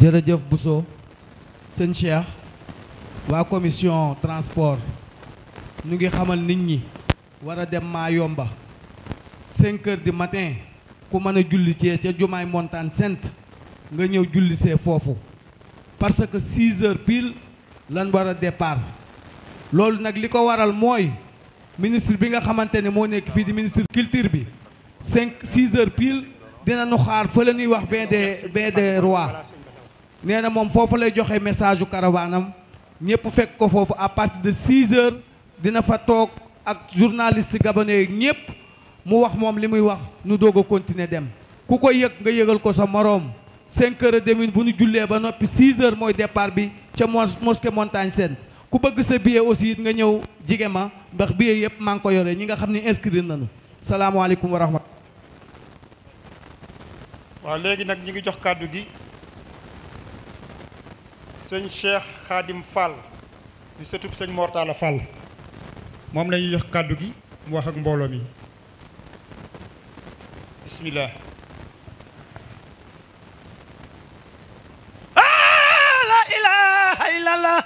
jërëjëf Bousso sëñ Cheikh waa commission transport ñu ngi xamal nit ñi war a dem maa yomba 5 heures du matin ku mën a julli cee ca jumaay Montagne Sainte nga ñëw julli see foofu parce que 6 heures pile lan war a départ loolu nag li ko waral mooy ministre bi nga xamante ne moo nekk fii di ministre culture bi 5 6 heures pile dina nu xaar fa la ñuy wax bain des bain nee na moom foofu lay joxe message yu karawaanam ñëpp fekk ko foofu à partir de 6 heures dina fa toog ak journaliste gabonais ñëpp mu wax moom li muy wax nu doog a continuer dem ku ko yëg nga yëgal ko sa moroom seen kër a demie bu nu jullee ba noppi 6 heures mooy départ bi ca mosquée Montagne seen ku bëgg sa billet aussi it nga ñëw jige ma ndax billet yëpp maa ngi ko yore ñi nga xam ne inscrire nañu salaamaaleykum wa rahmatulah. waaw léegi nag ñu ngi jox kàddu gi. sëñ Cheikh Khadim Fall di sëtub sëñ Mortala Fall moom la ñuy kàddu gi mu wax ak mbooloo mi bismillah ah, la ilaha illallah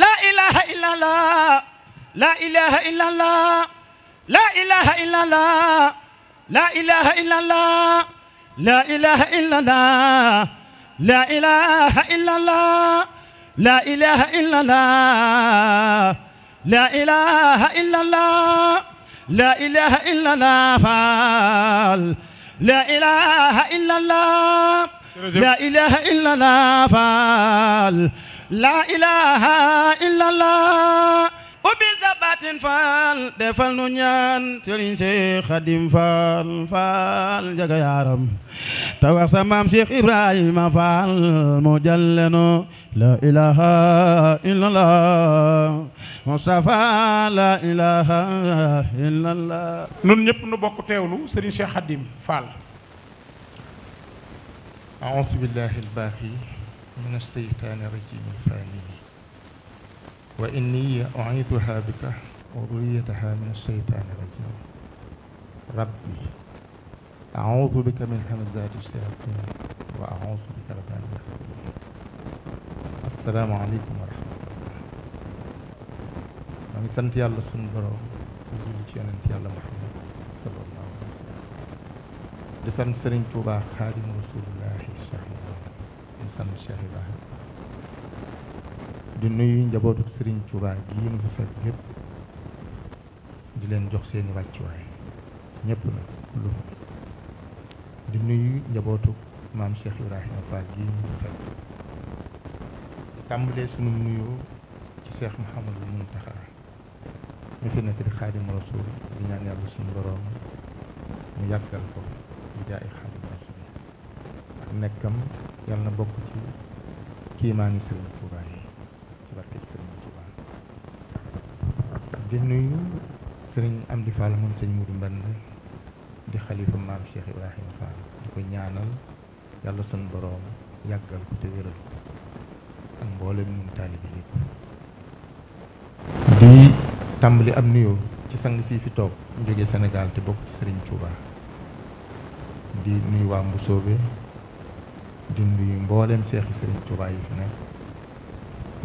la ilaha illallah la ilaha illallah la ilaha illallah la ilaha illallah la ilaha illallah لا إله إلا الله لا إله إلا الله لا إله إلا الله فال لا إله إلا الله لا إله إلا الله فال لا إله إلا الله وبالزبات فال دفل نونيان سيرين شيخ خديم فال فال جاكا يا رب توخ سمام شيخ إبراهيم فال مجلنو لا إله إلا الله مصطفى لا إله إلا الله nun ñëpp nu bokk teewlu Serigne Cheikh Khadim Fall أعوذ بالله الباقي من الشيطان الرجيم الفاني وإني أعيذها بك وذريتها من الشيطان الرجيم ربي أعوذ بك من همزات الشياطين وأعوذ بك رب asalaamaaleykum wa rahmatulah maa ngi sant yàlla sunu borom di julli ci yonent yàlla Muhammad sallallahu alayhi wa di sant Sëriñ Tuubaa xaadimu rasulillahi Cheikh Ibrahima di sant Cheikh Ibrahima di nuyu njabootu Sëriñ Tuubaa gii nu fi fekk yëpp di leen jox seeni wàccuwaay ñëpp nag lu di nuyu njabootu maam Cheikh Ibrahima Fall gii nu fi fekk. tàmbalee sunu nuyoo ci seex Muhammadul Muntaxa ñu fi nekk di xaadimu rasuul di ñaan yàlla suñu boroom mu yàggal ko di jaay xaadimu rasuul ak nekkam yàlla na bokk ci kiimaani Sëriñ Tuubaa yi ci barke Sëriñ Tuubaa di nuyu Sëriñ Amdi Fall moom di xalifa maam Cheikh Ibrahima Fall di ko ñaanal yàlla suñu boroom yàggal ko te wéral mboolem ñun di tàmbali am nuyoo ci sang si fi toog jóge Sénégal te bokk ci Serigne Touba di nuyu waa Mbusoobe di nuyu mbooleem seexi Serigne Touba yi fi nekk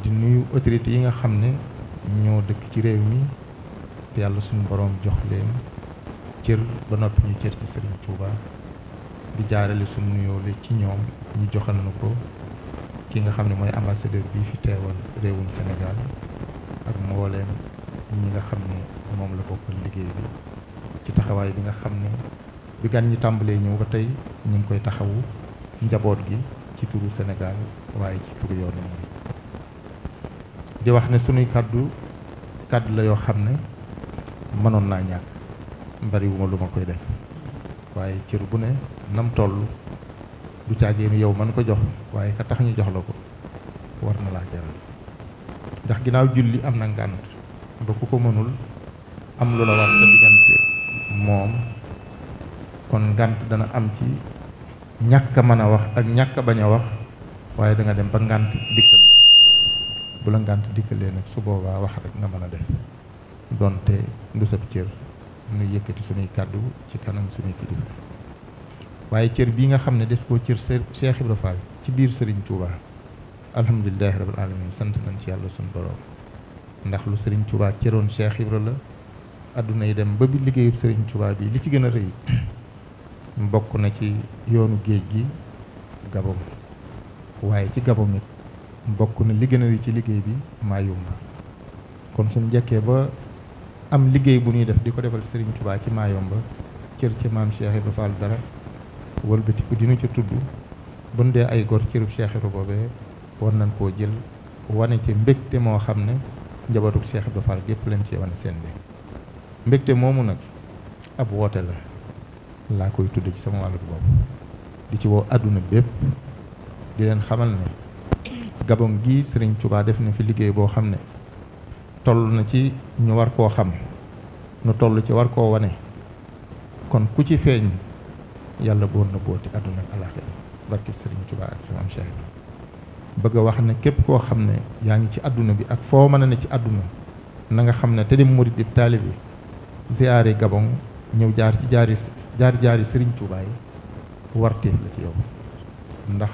di nuyu autorités yi nga xam ne ñoo dëkk ci réew mi te yàlla suñu boroom jox leen cër ba noppi ñu cër ci Serigne Touba di jaarale suñu nuyoo ci ñoom ñu joxal na ko. ki nga xam ne mooy ambassadeur bi fi teewoon réewum Sénégal ak mbooleem ñi nga xam ne moom la bokkal liggéey bi ci taxawaay bi nga xam ne bi gan ñi tàmbalee ñëw ko tey ñu ngi koy taxawu njaboot gi ci turu Sénégal waaye ci turu yoonu di wax ne sunuy kàddu kàdd la yoo xam ne mënoon naa ñàkk mbariwuma lu ma koy def waaye cër bu ne nam toll du caagee ni yow man ko jox waaye ka tax ñu jox la ko war na laa jaral ndax ginnaaw julli am na ngànt ba ku ko mënul am lu la war sa diggante moom kon ngànt dana am ci ñàkk a mën a wax ak ñàkk bañ a wax waaye danga dem ba ngànt dikkal la bu la ngànt dikkalee nag su boobaa wax rek nga mën a def donte du sab cër nu yëkkati suñuy kàddu ci kanam suñuy kilifa waaye cër bii nga xam ne des koo cër Cheikh Ibra Fall ci biir sëriñ Touba alhamdulilahi rabil alamin sant nañ ci yàlla suñ borom ndax lu sëriñ Touba cëroon Cheikh la àdduna yi dem ba bi liggéeyu Serigne Touba bi li ci gën a rëy bokk na ci yoonu géej gi Gabon waaye ci Gabon it bokk na li gën a rëy ci liggéey bi Mayumba kon suñ njëkkee ba am liggéey bu ñuy def di ko defal Serigne Touba ci Mayumba cër ci maam Cheikh Ibra dara wëlbatiku dinu ci tudd bun dee ay gor cërub Cheikh Ibra war nañ koo jël wane ci mbégte moo xam ne njabootuk Cheikh ba Fall gépp lañ ci wane seen bi mbégte moomu nag ab woote la laa koy tudd ci sama wàllu bopp di ci woo àdduna bépp di leen xamal ne Gabon gi sëriñ Touba def na fi liggéey boo xam ne toll na ci ñu war koo xam nu toll ci war koo wane kon ku ci feeñ yàlla boon na booti àdduna ak alaaxira barkeb Sëriñ Tuubaa ak Maam Cheikh bëgg a wax ne képp koo xam ne yaa ngi ci àdduna bi ak foo mën ne ci àdduna na nga xam ne te di murit di taalibe bi ziyaare Gabon ñëw jaar ci jaari jaari Sëriñ Tuubaa yi warteef la ci yow ndax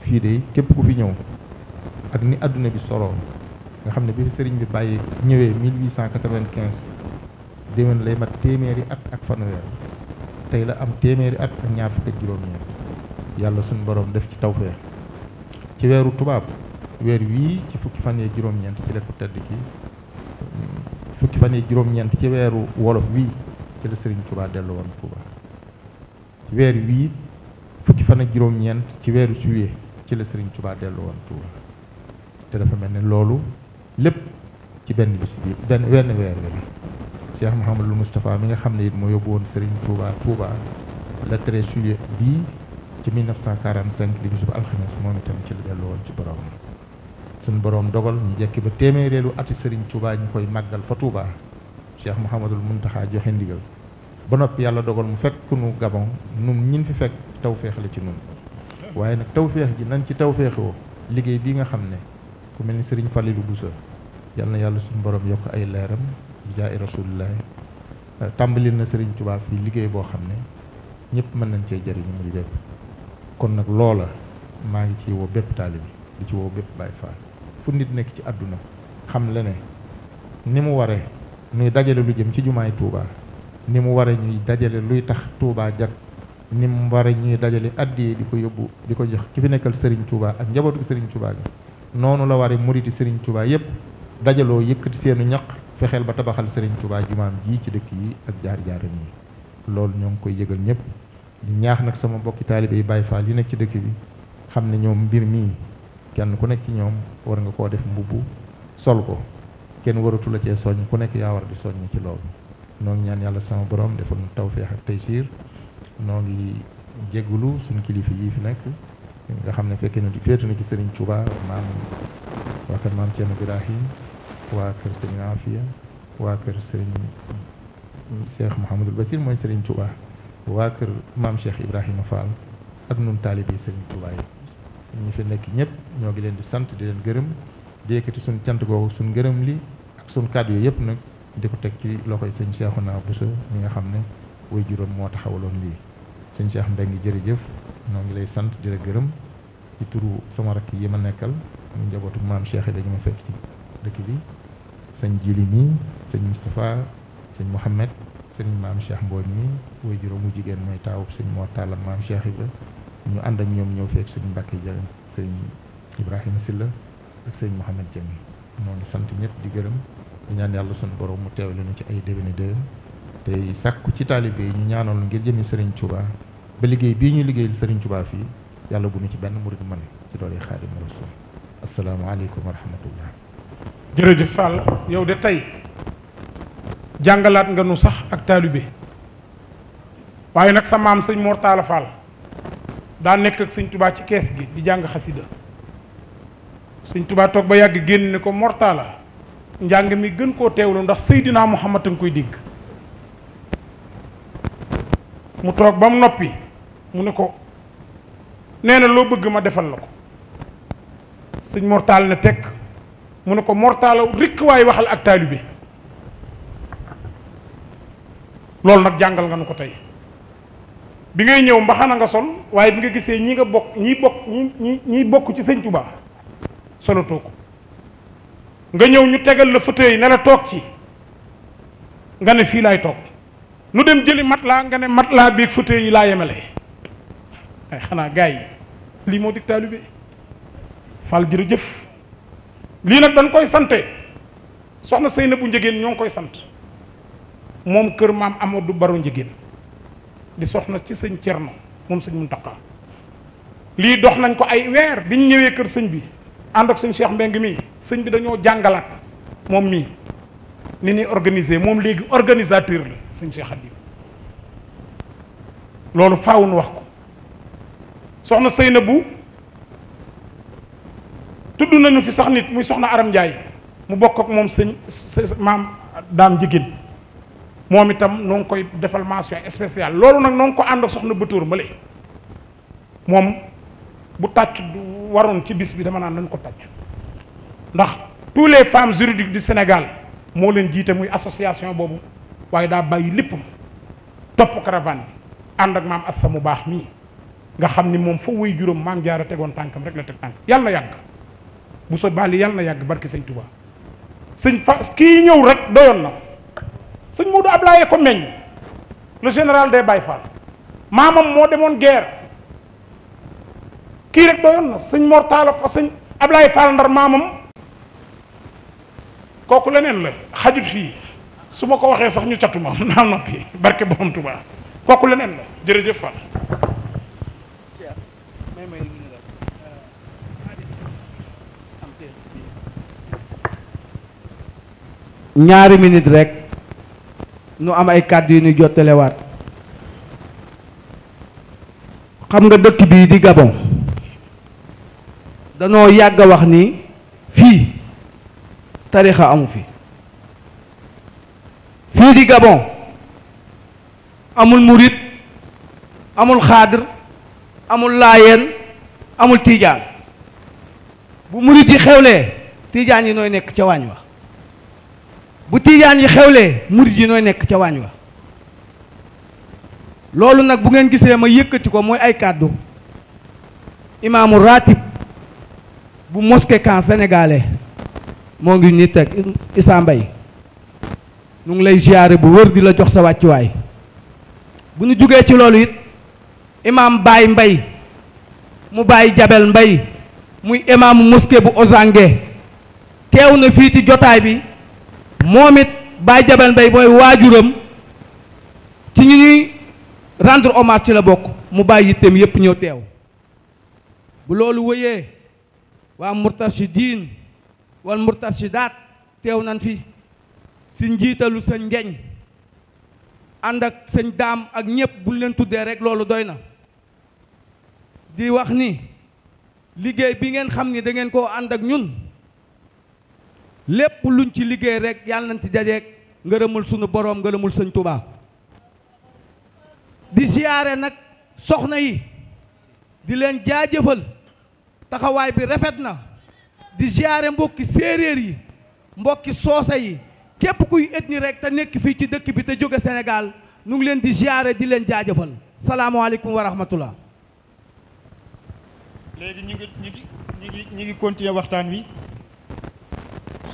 fii de képp ku fi ñëw ak ni àdduna bi solo nga xam ne bi sëriñ bi bàyyi ñëwee 1895 déwén lay mat téeméeri at ak fanweer tey la am téeméeri at ak ñaar fukk ak juróom-ñeent yàlla suñ borom def ci tawfeex ci weeru tubaab weer wii ci fukki fan yee juróom-ñeent ci fukki fan yee ci weeru wolof wii ci la sëriñ tubaa dellu woon Touba weer wii fukki fan ak juróom-ñeent ci weeru juillet ci la sëriñ tubaa dellu woon Touba te dafa mel ni loolu lépp ci benn bis bi benn wenn weer wi Cheikh Mouhamadul Moustapha mi nga xam ne it moo yóbbu woon Serigne Touba Touba le 13 juillet bii ci 1945 di ba alxames moom itam ci la dellu woon ci borom suñ borom dogal ñu jekki ba téeméeréelu ati Serigne Touba ñu koy màggal fa Touba Cheikh Mouhamadul Mountakha joxe ndigal ba noppi yàlla dogal mu fekk nu Gabon nun fi fekk tawféex ci nun waaye nag tawféex ji nañ ci tawféexoo liggéey bii nga xam ne ku mel ni Serigne Fallilou Boussa yal na yàlla suñu borom yokk ay leeram. jaa jaay rasulillahi euh, tàmbali na Serigne Touba fii liggéey boo xam ne ñëpp mën nañ cee jëriñu muy bépp kon nag loola maa ngi ci woo bépp taalibi di ci woo bépp Baay Faal fu nit nekk ci àdduna xam la ne ni mu waree ñuy dajale lu jëm ci jumaay Touba ni mu waree ñuy dajale luy tax Touba jag ni mu waree ñuy dajale addiye di ko yóbbu di ko jox ki fi nekkal Serigne Touba ak njabootu Serigne Touba gi noonu la waree muriti Serigne Touba yëpp dajaloo yëkkati seenu ñaq. fexeel ba tabaxal Serigne Touba jumaam ji ci dëkk yi ak jaar-jaaram yi loolu ñoo ngi koy yëgal ñëpp di ñaax nag sama mbokki taalibe yi Baye Fall yi nekk ci dëkk bi xam ne ñoom mbir mii kenn ku nekk ci ñoom war nga koo def mbubb sol ko kenn waratu la cee soññ ku nekk yaa war di soññ ci loolu noo ngi ñaan yàlla sama borom defal nu tawféex ak taysiir noo ngi jéggulu suñu kilifa yii fi nekk nga xam ne fekkee na di féetu na ci Serigne Touba maam waakat maam Thierno Birahim waa kër Serigne Afia waa kër Serigne Cheikh Mouhamadul Basir mooy Serigne Touba waa kër maam Cheikh Ibrahima Fall ak nun taalibe Serigne Touba yi ñi fi nekk ñëpp ñoo ngi leen di sant di leen gërëm di yëkkati suñ cant googu suñ gërëm li ak suñ kàddu yooyu yëpp nag di ko teg ci loxo loxoy sëñ Cheikhouna Bousso mi nga xam ne way juróom moo taxawaloon lii sëñ ngi jër jëf ñoo ngi lay sant di la gërëm ci turu sama rakk yi ma nekkal mu njabootu maam Cheikh yi dañu ma fekk ci dëkk bi sëñ Jili mi sëñ Moustapha sëñ Mouhamed sëñ maam Cheikh Mbodj mi way juróomu jigéen mooy taawub sëñ Mor Talla maam Cheikh Ibra ñu ànd ak ñoom ñëw fekk sëñ Mbacke Dia sëñ Ibrahima Silla ak sëñ Mouhamed Jami ñoo ngi sant ñëpp di gërëm di ñaan yàlla sunu borom mu teewle lañu ci ay déwéni de tey sàkku ci taalibe yi ñu ñaanal ngir jëmi Serigne Touba ba liggéey bii ñu liggéeyal Serigne Touba fii yàlla bu nu ci benn murid mën ci doole Xaadimu Rasuul asalaamaaleykum wa rahmatullah jërëjëf Fall yow de tey jàngalaat nga nu sax ak taalibe waaye nag sa maam sëñ Mortala Fall daa nekk ak sëñ tubaat ci kees gi di jàng xasida sëñ tubaa toog ba yàgg génn ne ko Mortala njàng mi gën koo teewlu ndax Seydina Muhammad a nga koy digg mu toog ba mu noppi mu ne ko nee na loo bëgg ma defal la ko sëñ Mortala ne tekk mu ne ko mortaala rikk waaye waxal ak taalibe loolu nag jàngal nga nu ko tey bi ngay ñëw mbaxana nga sol waaye bi nga gisee ñi nga bokk ñi bokk ñi ñi bokk ci sañ Tuubaa solatoo ko nga ñëw ñu tegal la fauteuil ne la toog ci nga ne fii laay toog nu dem jëli matelas nga ne matelas bi ak fauteuil yi laa yemale ay xanaa gars yi lii moo dig taalibe Fall jërëjëf lii nag dañ koy sante soxna Seynabou Njëgéen ñoo ngi koy sant moom kër maam du Baro Njëgéen di soxna ci sëñ Cerno moom sëñ Muntaqa lii dox nañ ko ay weer biñ ñëwee kër sëñ bi ànd ak sëñ Cheikh Mbeng mii sëñ bi dañoo jàngalaat moom mii ni ñuy organiser moom léegi organisateur la sëñ Cheikh Xadim loolu faawun wax ko soxna bu tudd nañu fi sax nit muy soxna Aram Ndiaye mu bokk ak moom sëñ së maam daam jigéen moom itam noo ngi koy defal mention spéciale loolu nag noo ko ànd ak soxna Batour Mbale moom bu tàcc waroon ci bis bi dama naan nañ ko tàcc ndax tous les femmes juridiques di Sénégal moo leen jiite muy association boobu waaye daa bàyyi lépp topp caravane bi ànd ak maam Assa mu baax mii nga xam ni moom fa wuy juróom maam jaara tegoon tànkam rek la teg tànk yàlla na bu so baali yàlla na yàgg barki sëñ Touba sëñ fa kii ñëw rek doyoon na sëñ Modou Ablaye ko meññ le général des Baye Fall maamam moo demoon guerre kii rek doyoon na sëñ Mor Talla fa sëñ Ablaye Fall ndar maamam kooku leneen la xajut fii su ma ko waxee sax ñu catuma naa noppi barke borom Touba kooku leneen la jërëjëf Fall ñaari minit rekk nu am ay kàddu yu ñu jottalewaat xam nga dëkk bii di Gabon danoo yàgg a wax ni fii tarixa amu fi fii di Gabon amul murit amul xaadir amul laayeen amul tiijaan bu murit yi xewlee tiijaan yi nooy nekk ca waañ wa bu tiijaan yi xewlee murit yi nooy nekk ca waañ wa loolu nag bu ngeen gisee ma yëkkati ko mooy ay kàddu imaamu ratib bu mosquée kan sénégalais moo ngi nit ak Issa mbay mu ngi lay ziyaare bu wër di la jox sa wàccuwaay bu ñu jógee ci loolu it imaam Baye mbay mu Baye Jabel mbay muy imaamu moske bu osange teew na fii ci jotaay bi moom it Baye Jabel Mbaye mooy waajuram ci ñu ñuy rendre hommage ci la bokk mu bàyyi yitteem yépp ñëw teew bu loolu wëyee waa murtashidiin wal murtashidaat teew nan fi si njiitalu sëñ ngeñ ànd ak sëñ daam ak ñépp buñ leen tuddee rek loolu doy na di wax ni liggéey bi ngeen xam ni dangeen ngeen koo ànd ak ñun lépp luñ ci liggéey rek yàlla nañ ci dajeek ngërëmul sunu boroom ngërëmul sëñ Touba di siyaare nag soxna yi di leen jaajëfal taxawaay bi rafet na di siyaare mbokki séeréer yi mbokki soose yi képp kuy ni rek te nekk fii ci dëkk bi te jóge Sénégal nu ngi leen di siyaare di leen jaajëfal salaamaaleykum wa rahmatullah léegi ñu ngi ñu ngi ñu ngi ñu waxtaan wi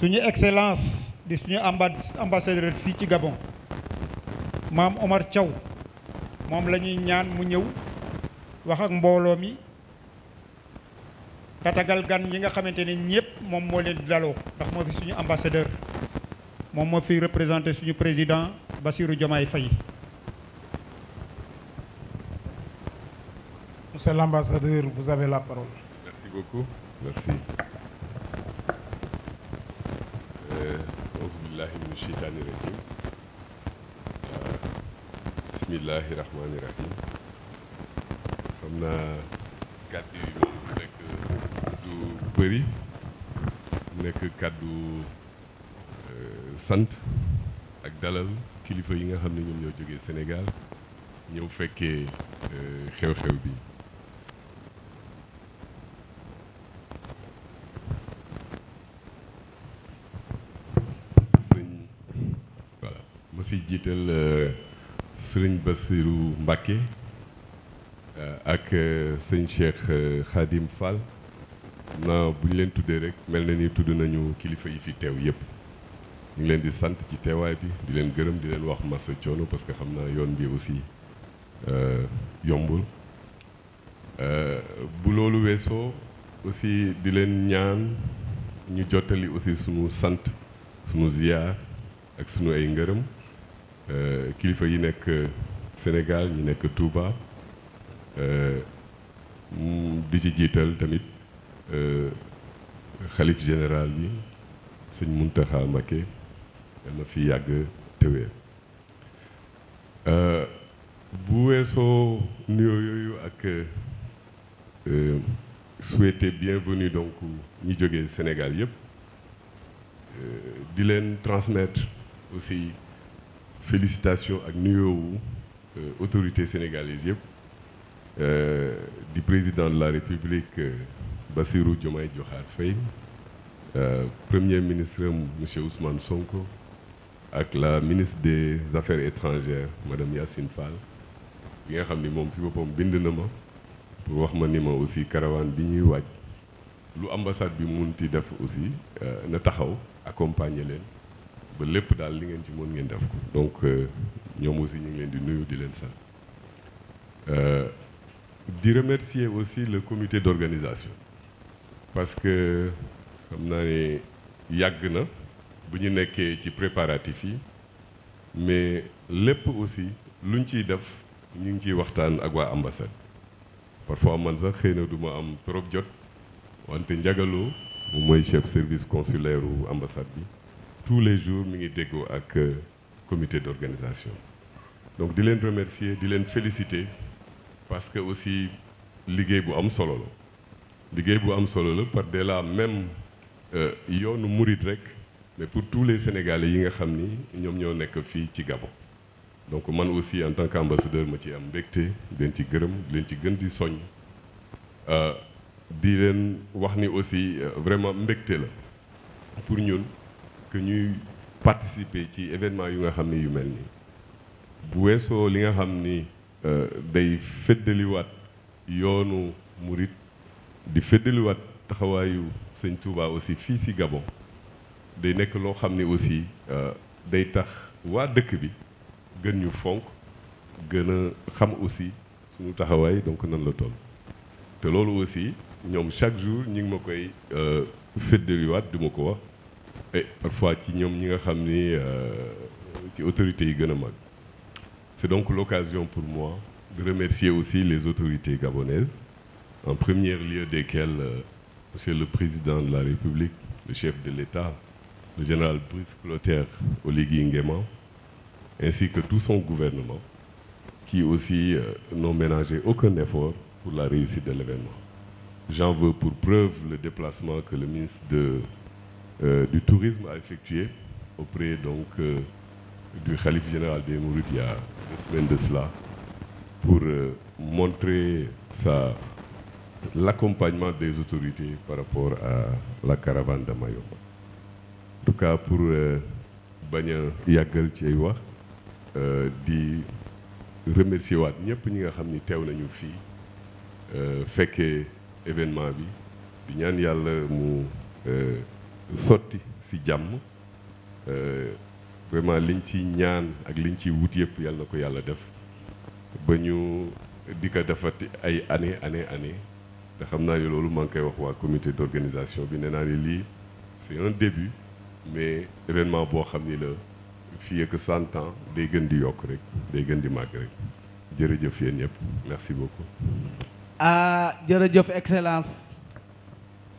suñu excellence di suñu amba ambassadeur fii ci Gabon maam Omar Thiaw moom la ñuy ñaan mu ñëw wax ak mbooloo mi tatagal gan yi nga xamante ne ñëpp moom moo leen di daloo ndax moo fi suñu ambassadeur moom moo fi représenté suñu président Bassirou Diomaye Faye Monsieur l'ambassadeur, vous avez la parole. sheytaani rajim bismillahi xam na kàddu yi moom nekk du bëri nekk kàddu euh, sant ak dalal kilifa yi nga xam ne ñoom ñoo jógee senegaal ñëw fekkee euh, xew-xew bi jiital euh, sëriñ Bassirou Mbacké euh, ak euh, sëñ Cheikh Khadim Fall na bu ñu leen tuddee rek mel na ni tudd nañu kilifa yi fi teew yëpp ñu ngi leen di sant ci teewaay bi di leen gërëm di leen wax massa coono parce que xam naa yoon bi aussi yombul bu loolu weesoo aussi di leen ñaan ñu jottali aussi sunu sant sumu ziyaar ak sunu ay ngërëm Euh, kilifa yi nekk euh, Sénégal ñi nekk Touba euh, mm, di ci jiital tamit xalif général bi sëñ Muntaxa Mbakke dama fi yàgg tewee bu weesoo nuyoo yooyu ak souhaiter bienvenue donk ñi jógee Sénégal yëpp di leen transmettre aussi félicitation ak nuyoowu euh, autorité sénégalaise yëpp euh, di président de la république euh, Bassirou Diomaye Diakhar Faye premier ministre monsieur Ousmane Sonko ak la ministre des affaires étrangères madame Yacine Fall bi nga xam ni moom ci boppam bind na ma pour wax ma ni ma aussi caravane bi ñuy waaj lu ambassade bi mu mun ti def aussi na taxaw accompagner leen ba lépp daal li ngeen ci moon ngeen def ko donc euh, ñoom aussi ñu ngeen leen di nuyu di leen sant euh, di remercier aussi le comité d'organisation parce que xam naa ne yàgg na bu ñu nekkee ci préparatifs yi mais lépp aussi luñ ciy def ñu ngi ciy waxtaan ak waa ambassade parfois man sax xëy na du ma am trop jot wante njagaloo moom mooy chef service consulaire u ambassade bi tous les jours mi ngi déggoo ak euh, comité d'organisation donc di leen remercier di leen féliciter parce que aussi liggéey bu am solo la liggéey bu am solo la par delà même euh, yoonu murit rek mais pour tous les sénégalais yi nga xam ni ñoom ñoo nekk fii ci Gabon. donc man aussi en tant qu'ambassadeur ma ci am mbégte di leen ci gërëm di leen ci gën di soññ euh, di leen wax ni aussi vraiment mbégte la pour ñun. que ñuy participer ci événement yu nga xam ni yu mel nii bu weesoo li nga xam ni euh, day feddaliwaat yoonu murit di feddaliwaat taxawaayu sëñ Touba aussi fii si Gabon day nekk loo xam ni aussi euh, day tax waa dëkk bi gën ñu fonk gën a xam aussi suñu taxawaay donc nan la toll te loolu aussi ñoom chaque jour ñi ma koy euh, feddaliwaat du ma ko wax et parfois ci ñoom ñi nga xam ni euh, ci autorités yi gën a mag c'est donc l'occasion pour moi de remercier aussi les autorités gabonaises en première lieu desquelles euh, monsieur le président de la République le chef de l'État le général Brice Clotaire Oligui Nguema ainsi que tout son gouvernement qui aussi euh, n'ont ménagé aucun effort pour la réussite de l'événement j'en veux pour preuve le déplacement que le ministre de Euh, du tourisme à effectuer auprès donc euh, du Khalif général des Mourides il y a de cela pour euh, montrer sa l'accompagnement des autorités par rapport à la caravane de Mayumba en pour bañ yàggal ci ay wax di remercier waat ñëpp ñi nga xam ni teew nañu fii fekkee événement bi di ñaan yàlla mu sotti si jàmm euh, vraiment liñ ci ñaan ak liñ ciy wut yëpp yàlla na ko yàlla def ba ñu di ko defati ay année année année te xam naa ni loolu maa ngi koy wax waa comité d'organisation bi nee naa ni lii c'est un début mais événement boo xam ni la fii ak cent ans day gën di yokk rek day gën di màgg rek jërëjëf yéen ñëpp merci beaucoup ah jërëjëf excellence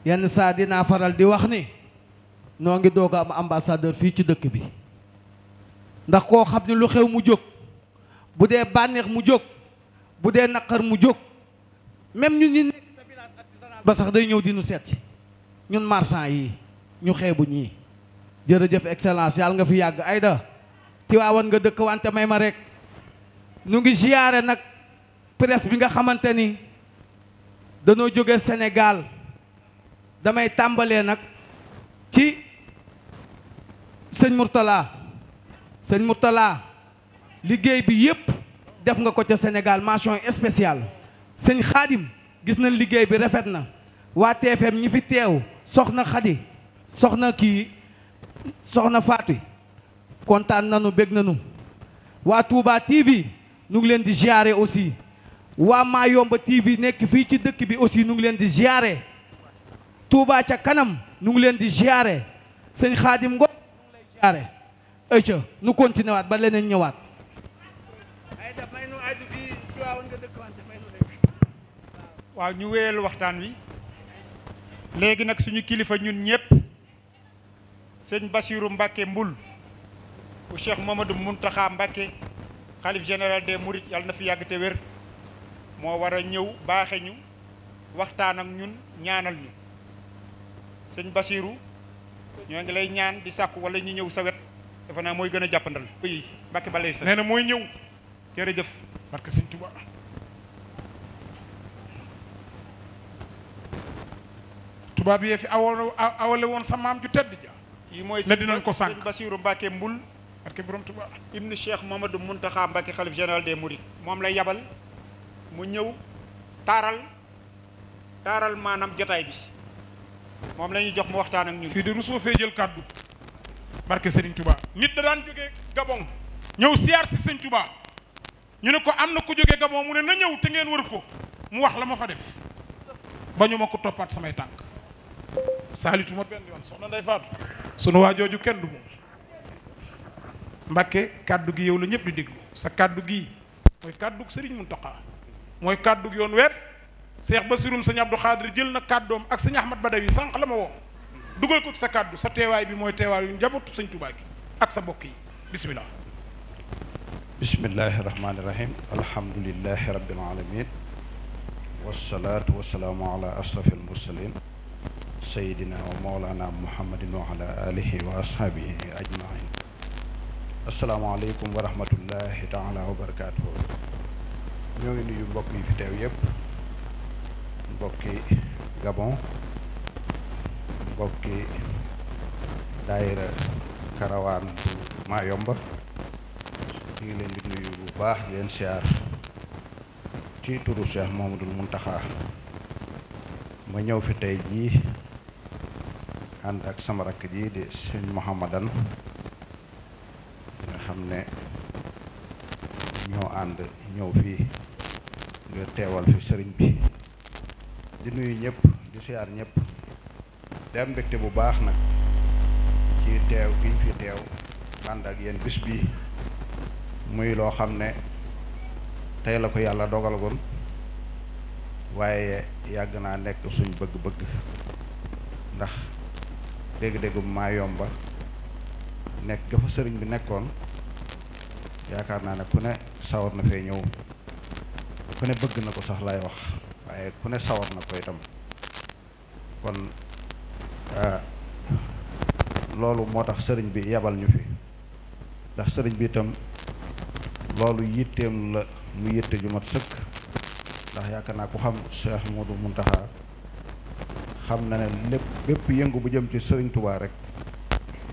yenn saa dinaa faral di wax ni noo ngi doog a am ambassadeur fii ci dëkk bi ndax koo xam ne lu xew mu jóg bu dee bànneex mu jóg bu dee naqar mu jóg même ñu ñi nekk sa village artisanal day ñëw dinu seeti ñun marchand yi ñu xeebu ñii jërëjëf excellence yàlla nga fi yàgg Aïda Tiwaawan nga dëkk wante may ma rek nu ngi siyaare nag presse bi nga xamante ni dañoo jóge senegal damay tàmbalee nag ci sëñ Mourtala sëñ Mourtala liggéey bi yëpp def nga ko ca Sénégal mention spéciale sëñ Xaadim gis nañ liggéey bi rafet na waa TFM ñi fi teew soxna Xadi soxna kii soxna faati kontaan nanu bég nanu waa Touba TV nu ngi leen di jaare aussi waa maa yomba TV nekk fii ci dëkk bi aussi nu ngi leen di jaare Touba ca kanam nu ngi leen di ziare sëñ Xaadim Ngom jaare ay nu continué ba leneen ñëwaat waaw ñu wéyal waxtaan wi léegi nag suñu kilifa ñun ñépp sëñ Basiiru Mbàkke Mbul bu Cheikh Mamadou Muntaxa Mbàkke xalif général de Mourides yàlla na fi yàgg te wér moo war a ñëw baaxe ñu waxtaan ak ñun ñaanal ñu sëñ Basiiru ñoo ngi lay ñaan di sàkku wala ñu ñëw sa wet dafa naa mooy gën a jàppandal yi Mbàkke balay sa nee na mooy ñëw jërëjëf parce que Sëñ Tuubaa tubaab yee fi awal awale woon sa maam ju tedd ja yi mooy ne dinañ ko sànq Basiiru Mbàkke mbul parce que borom Tuubaa ibnu Cheikh Mamadou Muntaxa Mbàkke xalif général des Mourides moom lay yabal mu ñëw taaral taaral maanaam jotaay bi moom la ñuy jox mu waxtaan ak ñun. fii de Rousseau fee jël kàddu barke Serigne Touba nit da daan jógee Gabon ñëw siyaar si Serigne Touba ñu ne ko am na ku jógee Gabon mu ne na ñëw te ngeen wër ko mu wax la ma fa def ba ñu ma ko toppaat samay tànk saalituma benn yoon soxna Ndeye Fatou sunu waa jooju kenn du moom Mbakke kàddu gi yow la ñëpp di déglu sa kàddu gi mooy kàddu Serigne Mountakha mooy kàddu yoon wépp Seex Basirum sëñ Abdou Xaadir jël na kàddoom ak sëñ Ahmad Badawi sànq la ma woo dugal ko sa kàddu sa teewaay bi mooy teewaay yu njabootu sëñ Tuubaa ak sa mbokk yi bisimilah. bismillahi rahmaani rahim alhamdulilahi alamin wasalaatu wasalaamu ala ashrafil mursalin sayidina wa mawlana muhammadin wa ala alihi wa ashaabihi ajmain asalaamaaleykum wa rahmatullahi taala wa barakaatuhu ñoo ngi nuyu mbokk yi fi teew yépp mbokki Gabon mbokki daayira karawaan bu Mayomba ñu ngi leen di nuyu bu baax di leen siyaar ci turu Cheikh Mouhamadoul Mountakha ma ñëw fi tey jii ànd ak sama rakk ji di sëñ Mouhamadan nga xam ne ñoo ànd ñëw fii ngir teewal fi sëriñ bi di nuyu ñëpp di siyaar ñëpp di am bu baax nag ci teew gi fi teew ànd ak yéen bis bii muy loo xam ne tey la ko yàlla dogalagoon waaye yàgg naa nekk suñ bëgg-bëgg ndax dégg-déggu maa yomba nekk dafa sëriñ bi nekkoon yaakaar naa ne ku ne sawar na fee ñëw ku ne bëgg na ko sax lay wax waaye ku ne sawar na ko itam kon ah, loolu moo tax sëriñ bi yabal ñu fi ndax sëriñ bi itam loolu yitteem la mu yitte ju mat sëkk ndax yaakaar naa ku xam Cheikh Modou Mountakha xam na ne lépp bépp yëngu bu jëm ci sëriñ Touba rek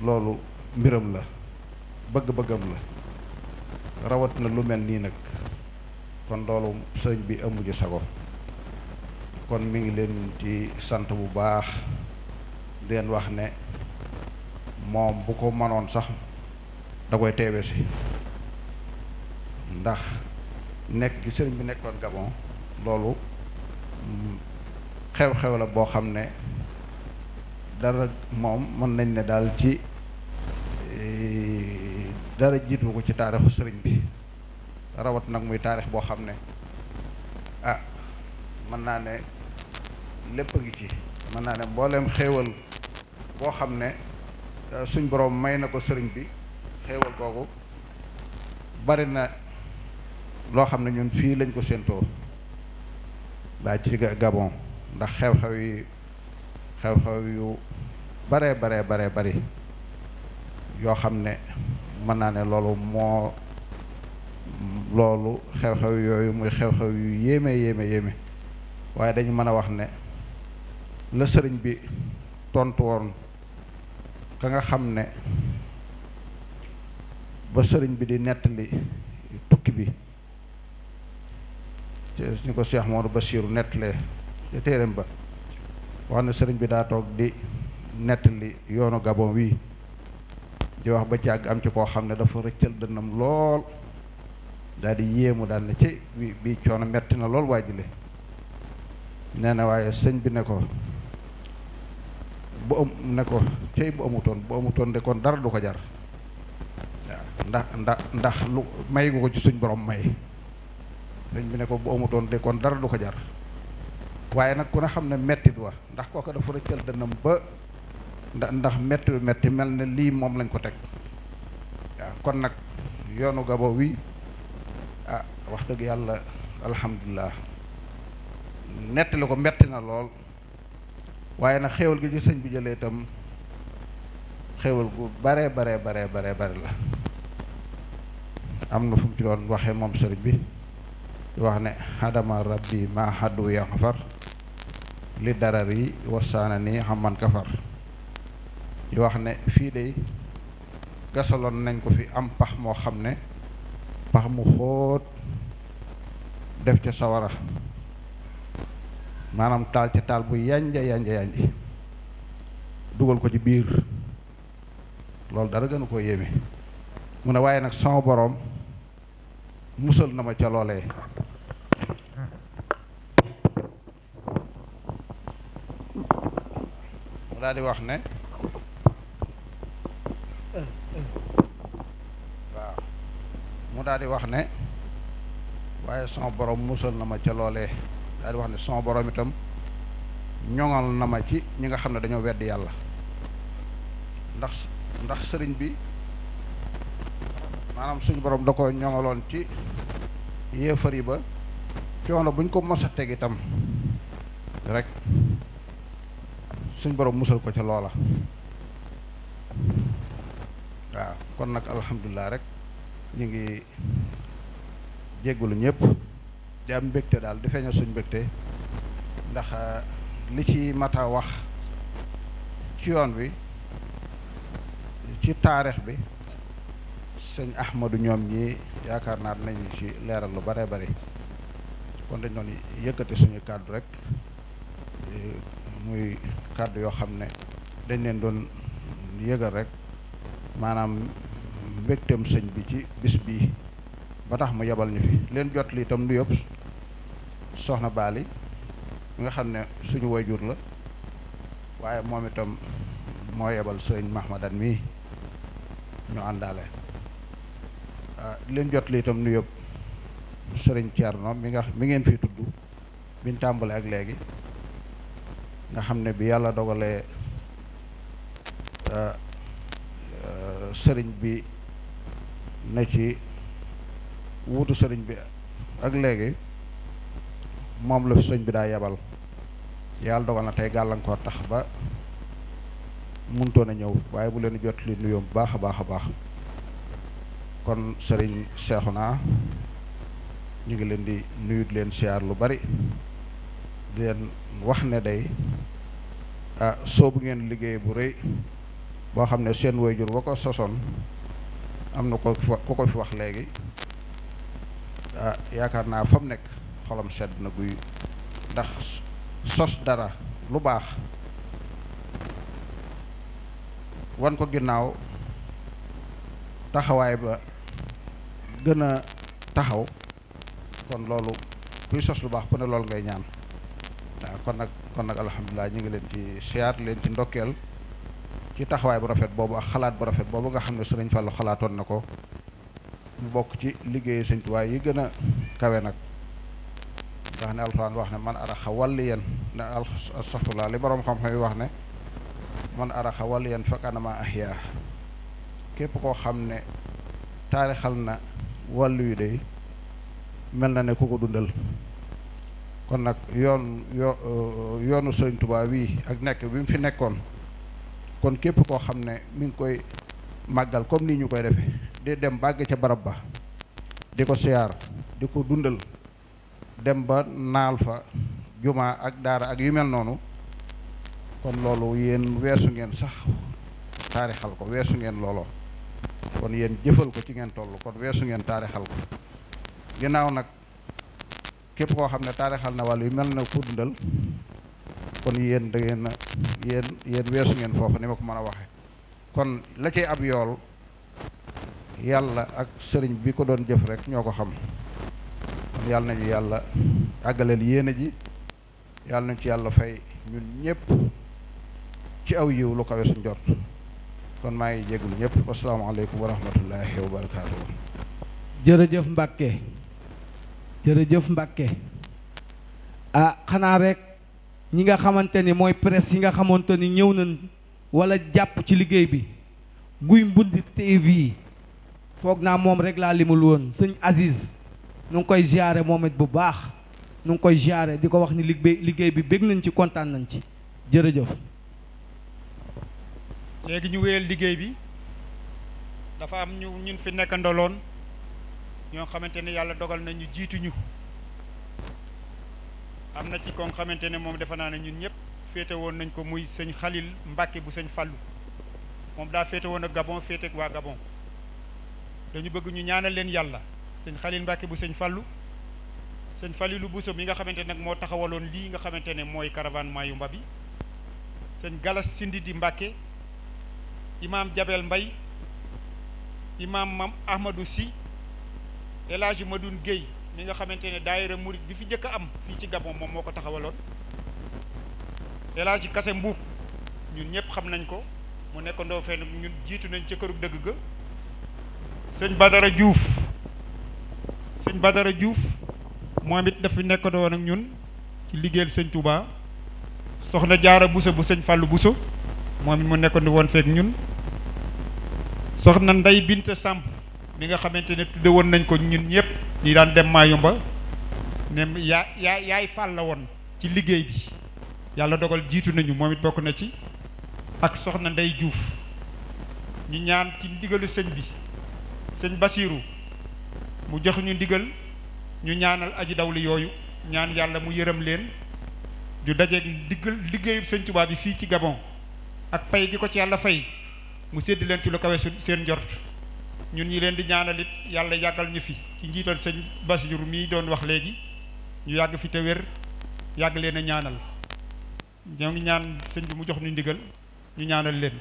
loolu mbiram la bëgg-bëggam la rawat na lu mel nii nag kon loolu sëriñ bi amu ci sago kon mi ngi leen ci sant bu baax leen wax ne moom bu ko mënoon sax da koy teewe si ndax nekk gi sëriñ bi nekkoon Gabon loolu xew-xew la boo xam ne dara moom mën nañ ne daal ci eh, dara jiitu ko ci taarixu sëriñ bi rawat nag muy taarix boo xam ne ah mën naa ne lépp a ngi ci mën naa ne mbooleem xéewal boo xam ne euh, suñ boroom may na ko sëriñ bi xéewal googu bari na loo xam ne ñun fii lañ ko séentoo daa ci Gabon ndax xew-xew yi xew-xew yu bare bare bare bari yoo xam ne mën naa ne loolu moo loolu xew-xew yooyu muy xew-xew yu yéeme yéeme yéeme waaye dañu mën a wax ne la sëriñ bi tontu woon ka nga xam ne ba sëriñ bi di nettali tukki bi ñu ko Cheikh Modou Bassirou nettalee ca téeram ba wax ne sëriñ bi daa toog di nettali yoonu Gabon wii di wax ba jàgg am ci koo xam ne dafa rëccal dënnam lool daal di yéemu daal ne ci bi coono metti na lool waajile nee na waaye sëñ bi ne ko bu am ne ko cey bu amutoon bu amutoon de kon dara du ko jar ndax ndax ndax lu may ci suñ borom may sëñ bi ne ko bu amutoon de dara du ko jar waaye nag ku ne xam ne mettit wa ndax kooka dafa rëccal dënam ba ndax ndax metti metti mel ne lii moom lañ ko teg waaw kon nag yoonu gabo wi ah wax dëgg yàlla alhamdulilah nettali ko metti na lool waaye nag xéewal gi ci sëñ bi jëlee itam xéewal gu bare bare bare bare bare la am na fu ci doon waxee moom sëriñ bi wax ne hadama rabbi ma haddu yang far li darar yi wasaana ni man kafar di wax ne fii de gasaloon nañ ko fi am pax moo xam ne pax mu xóot def ca sawara maanaam taal ca taal bu yanja yanja yanji dugal ko ci biir loolu dara gënu koo yéeme mu ne waaye nag sama boroom musal na ma ca loolee mu daal wax ne waaw mu daal wax ne waaye sama boroom musal na ma ca loolee daal wax ne sama borom itam ñoŋal na ma ci ñi nga xam ne dañoo weddi yàlla ndax ndax sëriñ bi maanaam suñu borom da ko ñoŋaloon ci yéefar yi ba coono buñ ko mos a itam rek suñ boroom musal ko ca loola waaw kon nag alhamdulilah rek ñu ngi jéggalu ñëpp di am mbégte daal di feeñal suñ mbégte ndax euh, li ci mata wax ci yoon bi ci taarix bi sëñ Ahmadu ñoom ñi yaakaar naa nañu ci leeral lu bare bari kon dañ doon yëkkate suñu kàddu rek muy kàddu yoo xam ne dañ leen doon yëgal rek maanaam mbégteem sëñ bi ci bis bii ba tax mu yebal ñu fi leen jot li itam lu yëpp soxna Baali mi nga xam ne suñu jur la waaye moom itam moo yebal sëriñ Mahmadan mii ñu àndaale ah, leen jot li itam nu yëpp sëriñ Thierno mi nga mi ngeen fi tudd biñ tàmbale ak léegi nga xam ne bi yàlla dogalee ah, ah, sëriñ bi na ci wuutu sëriñ bi ak léegi moom la fi sëñ bi daa yebal yàlla dogal na tey gàllankoor tax ba muntoon a ñëw waaye bu leen jot li nuyoo bu baax a baax a baax kon sëriñ naa ñu ngi leen di nuyut leen siyaar lu bari di leen wax ne day a soobu ngeen liggéey bu rëy boo xam ne seen waajur wa ko sosoon am na ko ko fi wax léegi a yaakaar naa fa mu nekk xolam sedd na guy ndax sos dara lu baax wan ko ginnaaw taxawaay ba gën a taxaw kon loolu kuy sos lu baax ku ne loolu ngay ñaan waaw kon nag kon nag alhamdulilah ñu ngi leen ci siyaar leen ci ndokkeel ci taxawaay bu rafet boobu ak xalaat bu rafet boobu nga xam ne Sëriñ Fallu xalaatoon na ko bu bokk ci liggéey Sëriñ Tuubaa yi gën a kawe nag nga xam ne wax ne man araxa walliyan ne alsaxtulaa li boroom xam-xam yi wax ne man araxa walliyan fakanama ahyaa képp koo xam ne taarixal na wàllu yu day mel na ne ku ko dundal kon nag yoon yoonu Sëriñ Tuubaa wii ak nekk bi mu fi nekkoon kon képp koo xam ne mi ngi koy màggal comme nii ñu koy defe di dem bàgg ca barab ba di ko siyaar di ko dundal dem ba naal fa jumaa ak daara ak yu mel noonu kon loolu yéen weesu ngeen sax taarixal ko weesu ngeen looloo kon yéen jëfal ko ci ngeen toll kon weesu ngeen taarixal ko ginnaaw nag képp koo xam ne taarixal na wàll yu mel na ku kon yéen da ngeen yéen yéen weesu ngeen foofu ni ma ko mën a waxe kon la cay ab yool yàlla ak sëriñ bi ko doon jëf rek ñoo ko xam kon yàlla nañu yàlla àggaleel yéene ji yàlla nañu ci yàlla fay ñun ñëpp ci aw yiw lu kawe suñ jort kon maa ngi jégalu ñëpp asalaamaaleykum wa rahmatullahi wa barakaatu. jërëjëf Mbàkke jërëjëf Mbàkke ah xanaa rek ñi nga xamante ni mooy presse yi nga xamante ni ñëw nañ wala jàpp ci liggéey bi Guy Mbind TV foog naa moom rek laa limul woon sëñ Aziz. nu ngi koy ziare moom bu baax nu ngi koy ziare di ko wax ni liggéey liggéey bi bég nañ ci kontaan nañ ci jërëjëf. léegi ñu wéyal liggéey bi dafa am ñu ñun fi nekk ndoloon ñoo xamante ne yàlla dogal na ñu jiituñu am na ci kon xamante ne moom defe naa ne ñun ñëpp féete woon nañ ko muy sëñ Xalil Mbàkke bu sëñ Fàllu moom daa féete woon ak Gabon féete ak waa Gabon dañu bëgg ñu ñaanal leen yàlla. sëñ Xalil Mbàkke bu sëñ Fallu sëñ Falilu Buso mi nga xamante nag moo taxawaloon lii nga xamante ne mooy caravane Mayumba bi sëñ Galas Sindidi Mbàkke imaam Jabel Mbay imaam Mam Ahmadou Si El Hadji Madoun Guèye mi nga xamante ne daayira murit bi fi njëkk a am fii ci Gabon moom moo ko taxawaloon El Hadji Kase Mbuub ñun ñëpp xam nañ ko mu nekk ndoo fee ñun jiitu nañ ca kërug dëgg ga sëñ Badara Diouf sëñ Badara juuf moom it dafa nekk doon ak ñun ci liggéeyal sëñ Touba soxna jaara Bousso bu sëñ Fallou Bousso moom it mu nekkoon di woon feek ñun soxna Ndey bint Samb mi nga xamante ne tudde woon nañ ko ñun ñëpp ñi daan dem Mayumba ne yaa yaa yaay fàll la woon ci liggéey bi yàlla dogal jiitu nañu moom it bokk na ci ak soxna Ndey juuf ñu ñaan ci ndigalu sëñ bi sëñ Basiiru mu jox ñu ndigal ñu ñaanal aji dawli yooyu ñaan yàlla mu yërëm leen ñu dajeeg ndiggal liggéeyub sëñ Tuubaa bi fii ci Gabon ak pay gi ko ci yàlla fay mu sédd leen ci lu kawe su seen njor ñun ñi leen di ñaanal it yàlla yàggal ñu fi ci njiital sëñ Basiru mii doon wax léegi ñu yàgg fi te wér yàgg leen a ñaanal ñoo ngi ñaan sëñ bi mu jox ñu ndigal ñu ñaanal leen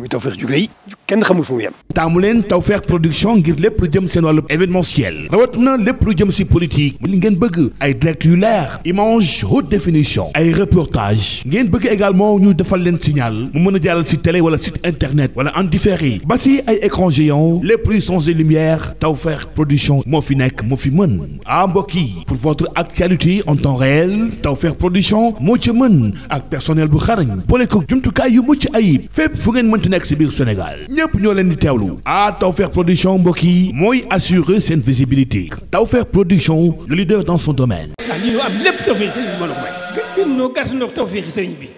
muy tawfeex ju rëy kenn xamul fu mu yem. taamu leen Tawfekh production ngir lépp lu jëm seen wàllu événementiel rawat na lépp lu jëm si politique li ngeen bëgg ay direct yu leer image haute définition ay reportage ngeen bëgg également ñu defal leen signal mu mën a jàllal si télé wala site internet wala en différé ba si ay écran géant lépp luy son et lumière Tawfekh production moo fi nekk moo fi mën ah mbokk yi pour votre actualité en temps réel Tawfekh production moo ci mën ak personnel bu xarañ boole ko jumtukaay yu mucc ayib fépp fu ngeen mënti nekk si biir Sénégal ñëpp ñoo leen di teewlu ah Tawfekh production mbokk yi mooy assurer seen visibilité Tawfekh production le leader dans son domaine. Ah, am lépp Tawfekh sëriñ bi mën a may. gën noo gàtt